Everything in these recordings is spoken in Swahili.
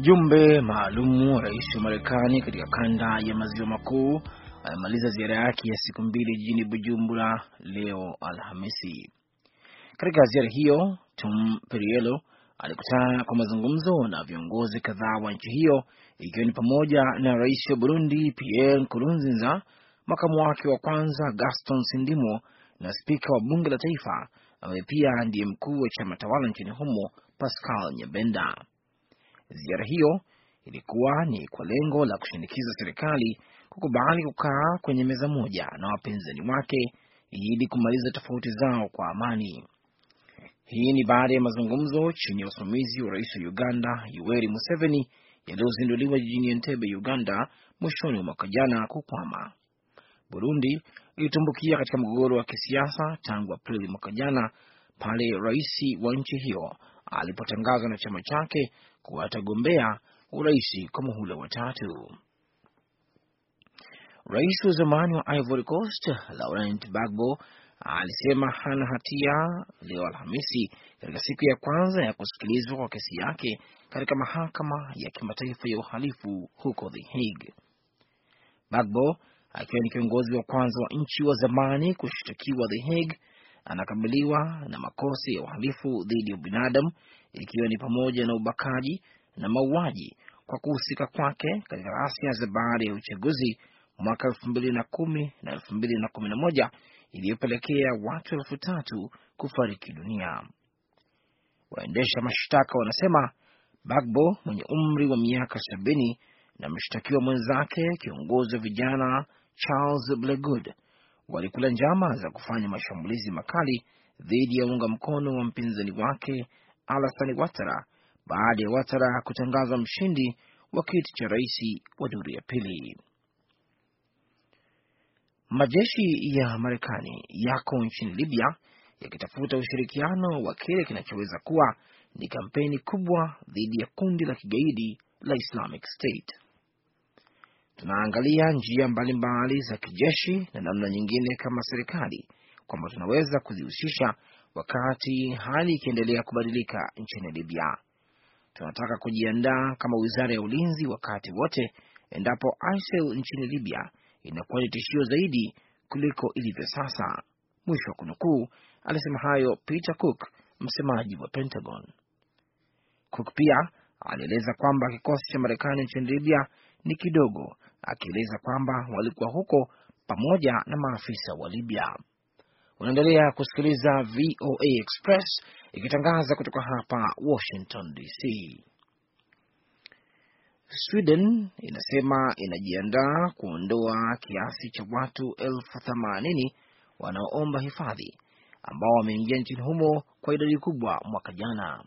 Mjumbe maalumu wa rais wa Marekani katika kanda ya maziwa makuu amemaliza ziara yake ya siku mbili jijini Bujumbura leo Alhamisi. Katika ziara hiyo, Tom Perriello alikutana kwa mazungumzo na viongozi kadhaa wa nchi hiyo ikiwa ni pamoja na rais wa Burundi Pierre Nkurunziza, makamu wake wa kwanza Gaston Sindimo na spika wa bunge la taifa ambaye pia ndiye mkuu wa chama tawala nchini humo Pascal Nyabenda. Ziara hiyo ilikuwa ni kwa lengo la kushinikiza serikali kukubali kukaa kwenye meza moja na wapinzani wake ili kumaliza tofauti zao kwa amani. Hii ni baada ya mazungumzo chini ya usimamizi wa rais wa Uganda Yoweri Museveni yaliyozinduliwa jijini Entebbe, Uganda, mwishoni mwa mwaka jana kukwama. Burundi ilitumbukia katika mgogoro wa kisiasa tangu Aprili mwaka jana pale rais wa nchi hiyo alipotangazwa na chama chake kuwa atagombea urais kwa muhula wa tatu. Rais wa zamani wa Ivory Coast Laurent Gbagbo alisema hana hatia leo Alhamisi, katika siku ya kwanza ya kusikilizwa kwa kesi yake katika mahakama ya kimataifa ya uhalifu huko The Hague. Gbagbo akiwa ni kiongozi wa kwanza wa nchi wa zamani kushtakiwa The Hague anakabiliwa na makosi ya uhalifu dhidi ya binadamu ikiwa ni pamoja na ubakaji na mauaji kwa kuhusika kwake katika ghasia za baada ya uchaguzi mwaka elfu mbili na kumi na elfu mbili na kumi na moja iliyopelekea watu elfu tatu kufariki dunia. Waendesha mashtaka wanasema Bagbo mwenye umri wa miaka sabini na mshtakiwa mwenzake kiongozi wa vijana Charles Blegood walikula njama za kufanya mashambulizi makali dhidi ya unga mkono wa mpinzani wake alasani watara baada ya watara kutangazwa mshindi wa kiti cha rais wa duru ya pili. Majeshi ya Marekani yako nchini Libya yakitafuta ushirikiano wa kile kinachoweza kuwa ni kampeni kubwa dhidi ya kundi la kigaidi la Islamic State tunaangalia njia mbalimbali za kijeshi na namna nyingine kama serikali kwamba tunaweza kuzihusisha wakati hali ikiendelea kubadilika nchini Libya. Tunataka kujiandaa kama wizara ya ulinzi wakati wote endapo ISIL e nchini Libya inakuwa ni tishio zaidi kuliko ilivyo sasa, mwisho wa kunukuu. Alisema hayo Peter Cook, msemaji wa Pentagon. Cook pia alieleza kwamba kikosi cha Marekani nchini Libya ni kidogo akieleza kwamba walikuwa huko pamoja na maafisa wa Libya. Unaendelea kusikiliza VOA Express ikitangaza kutoka hapa Washington DC. Sweden inasema inajiandaa kuondoa kiasi cha watu elfu themanini wanaoomba hifadhi ambao wameingia nchini humo kwa idadi kubwa mwaka jana.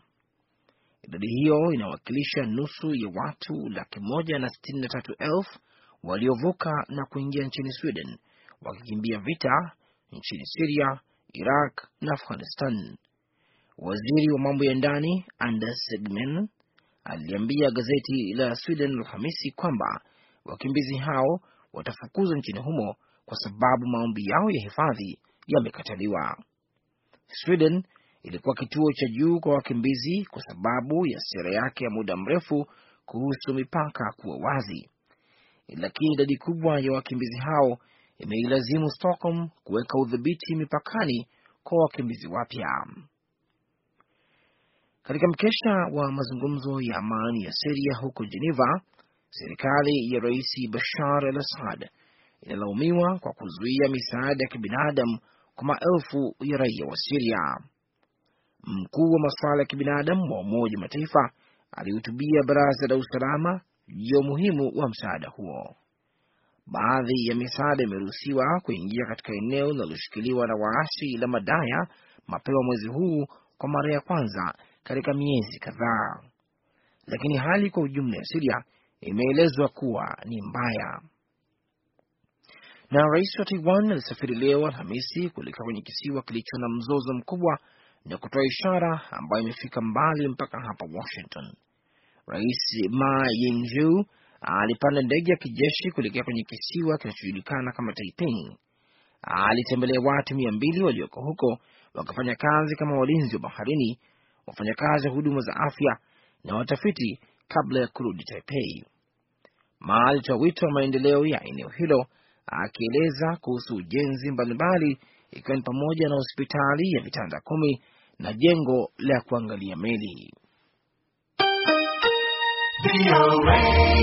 Idadi hiyo inawakilisha nusu ya watu laki moja na sitini na tatu elfu waliovuka na kuingia nchini Sweden wakikimbia vita nchini Siria, Iraq na Afghanistan. Waziri wa mambo ya ndani Anders Segmen aliambia gazeti la Sweden Alhamisi kwamba wakimbizi hao watafukuzwa nchini humo kwa sababu maombi yao ya hifadhi yamekataliwa. Sweden ilikuwa kituo cha juu kwa wakimbizi kwa sababu ya sera yake ya muda mrefu kuhusu mipaka kuwa wazi lakini idadi kubwa ya wakimbizi hao imeilazimu Stockholm kuweka udhibiti mipakani kwa wakimbizi wapya. Katika mkesha wa mazungumzo ya amani ya Siria huko Geneva, serikali ya Rais Bashar al Assad inalaumiwa kwa kuzuia misaada ya kibinadamu kwa maelfu ya raia wa Siria. Mkuu wa masuala ya kibinadamu wa Umoja wa Mataifa alihutubia Baraza la Usalama juu ya umuhimu wa msaada huo. Baadhi ya misaada imeruhusiwa kuingia katika eneo linaloshikiliwa na waasi la Madaya mapema mwezi huu kwa mara ya kwanza katika miezi kadhaa, lakini hali kwa ujumla ya Siria imeelezwa kuwa ni mbaya. Na rais wa Taiwan alisafiri leo Alhamisi kuelekea kwenye kisiwa kilicho na mzozo mkubwa na kutoa ishara ambayo imefika mbali mpaka hapa Washington. Rais Ma Yingju alipanda ndege ya kijeshi kuelekea kwenye kisiwa kinachojulikana kama Taiping. Alitembelea watu mia mbili walioko huko wakafanya kazi kama walinzi wa baharini, wafanyakazi wa huduma za afya na watafiti kabla ya kurudi Taipei. Ma alitoa wito wa maendeleo ya eneo hilo akieleza kuhusu ujenzi mbalimbali ikiwa ni pamoja na hospitali ya vitanda kumi na jengo la kuangalia meli. VOA.